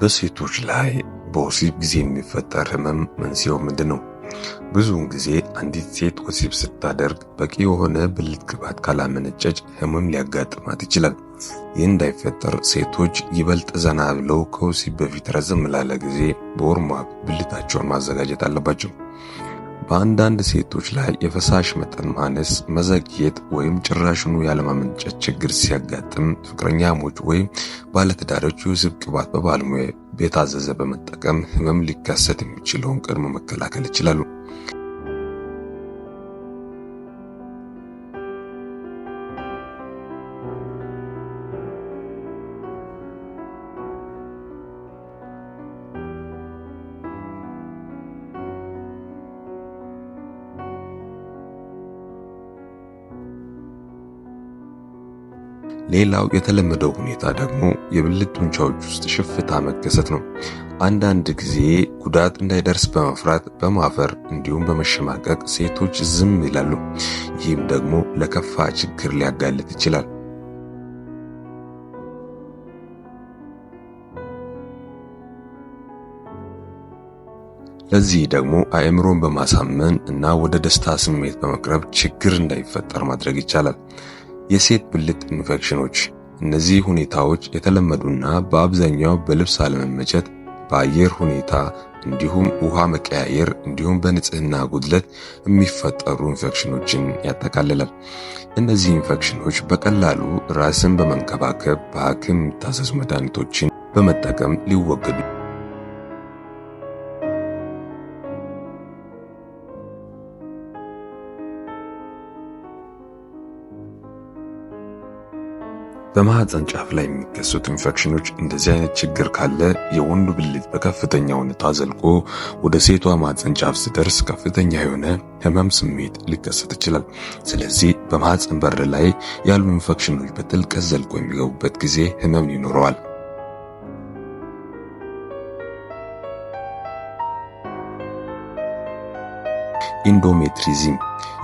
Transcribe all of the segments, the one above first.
በሴቶች ላይ በወሲብ ጊዜ የሚፈጠር ህመም መንስኤው ምንድን ነው? ብዙውን ጊዜ አንዲት ሴት ወሲብ ስታደርግ በቂ የሆነ ብልት ግባት ካላመነጨች ህመም ሊያጋጥማት ይችላል። ይህ እንዳይፈጠር ሴቶች ይበልጥ ዘና ብለው ከወሲብ በፊት ረዘም ላለ ጊዜ በወርማ ብልታቸውን ማዘጋጀት አለባቸው። በአንዳንድ ሴቶች ላይ የፈሳሽ መጠን ማነስ፣ መዘግየት ወይም ጭራሽኑ ያለማመንጨት ችግር ሲያጋጥም ፍቅረኛሞች ወይም ባለትዳሮች የወሲብ ቅባት በባለሙያ የታዘዘ በመጠቀም ህመም ሊከሰት የሚችለውን ቅድመ መከላከል ይችላሉ። ሌላው የተለመደው ሁኔታ ደግሞ የብልት ጡንቻዎች ውስጥ ሽፍታ መከሰት ነው። አንዳንድ ጊዜ ጉዳት እንዳይደርስ በመፍራት በማፈር እንዲሁም በመሸማቀቅ ሴቶች ዝም ይላሉ። ይህም ደግሞ ለከፋ ችግር ሊያጋልጥ ይችላል። ለዚህ ደግሞ አእምሮን በማሳመን እና ወደ ደስታ ስሜት በመቅረብ ችግር እንዳይፈጠር ማድረግ ይቻላል። የሴት ብልት ኢንፌክሽኖች። እነዚህ ሁኔታዎች የተለመዱና በአብዛኛው በልብስ አለመመቸት፣ በአየር ሁኔታ እንዲሁም ውሃ መቀያየር እንዲሁም በንጽህና ጉድለት የሚፈጠሩ ኢንፌክሽኖችን ያጠቃልላል። እነዚህ ኢንፌክሽኖች በቀላሉ ራስን በመንከባከብ በሐኪም የሚታዘዙ መድኃኒቶችን በመጠቀም ሊወገዱ በማህፀን ጫፍ ላይ የሚከሰቱ ኢንፌክሽኖች እንደዚህ አይነት ችግር ካለ የወንዱ ብልት በከፍተኛ ሁኔታ ዘልቆ ወደ ሴቷ ማህፀን ጫፍ ሲደርስ ከፍተኛ የሆነ ህመም ስሜት ሊከሰት ይችላል። ስለዚህ በማህፀን በር ላይ ያሉ ኢንፌክሽኖች በጥልቀት ዘልቆ የሚገቡበት ጊዜ ህመም ይኖረዋል። ኢንዶሜትሪዝም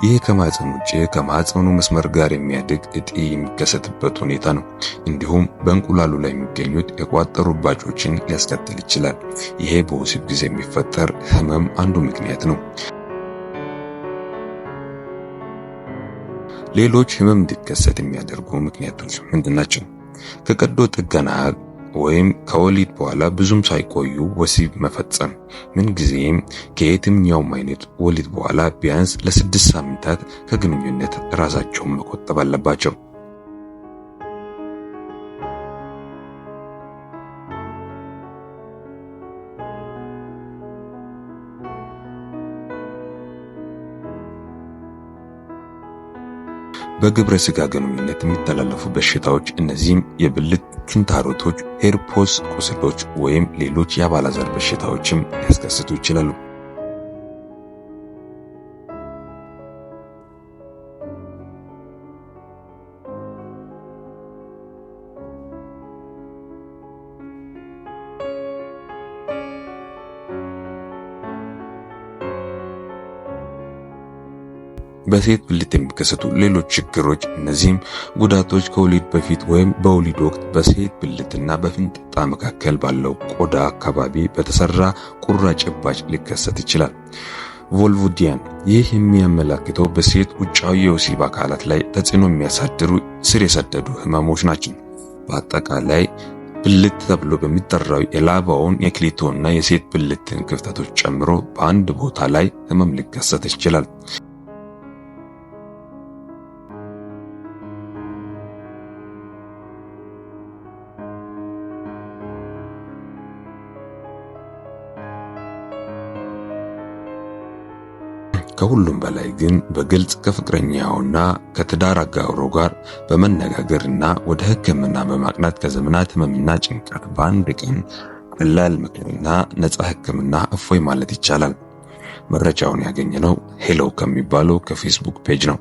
ይህ ከማህፀን ውጭ ከማህፀኑ መስመር ጋር የሚያድግ እጢ የሚከሰትበት ሁኔታ ነው። እንዲሁም በእንቁላሉ ላይ የሚገኙት የቋጠሩ እባጮችን ሊያስከትል ይችላል። ይሄ በወሲብ ጊዜ የሚፈጠር ህመም አንዱ ምክንያት ነው። ሌሎች ህመም እንዲከሰት የሚያደርጉ ምክንያቶች ምንድን ናቸው? ከቀዶ ጥገና ወይም ከወሊድ በኋላ ብዙም ሳይቆዩ ወሲብ መፈጸም ምንጊዜም ከየትኛውም አይነት ወሊድ በኋላ ቢያንስ ለስድስት ሳምንታት ከግንኙነት ራሳቸውን መቆጠብ አለባቸው። በግብረ ስጋ ግንኙነት የሚተላለፉ በሽታዎች እነዚህም የብልት ኪንታሮቶች፣ ሄርፖስ ቁስሎች ወይም ሌሎች የአባላዘር በሽታዎችም ሊያስከስቱ ይችላሉ። በሴት ብልት የሚከሰቱ ሌሎች ችግሮች። እነዚህም ጉዳቶች ከወሊድ በፊት ወይም በወሊድ ወቅት በሴት ብልትና በፍንጥጣ መካከል ባለው ቆዳ አካባቢ በተሰራ ቁራ ጭባጭ ሊከሰት ይችላል። ቮልቮዲያን ይህ የሚያመላክተው በሴት ውጫዊ የወሲብ አካላት ላይ ተጽዕኖ የሚያሳድሩ ስር የሰደዱ ህመሞች ናቸው። በአጠቃላይ ብልት ተብሎ በሚጠራው የላባውን የክሊቶና የሴት ብልትን ክፍተቶች ጨምሮ በአንድ ቦታ ላይ ህመም ሊከሰት ይችላል። ከሁሉም በላይ ግን በግልጽ ከፍቅረኛውና ከትዳር አጋሮ ጋር በመነጋገርና ወደ ሕክምና በማቅናት ከዘመናት ህመምና ጭንቀት በአንድ ቀን ቀላል ምክርና ነፃ ሕክምና እፎይ ማለት ይቻላል። መረጃውን ያገኘነው ሄሎ ከሚባለው ከፌስቡክ ፔጅ ነው።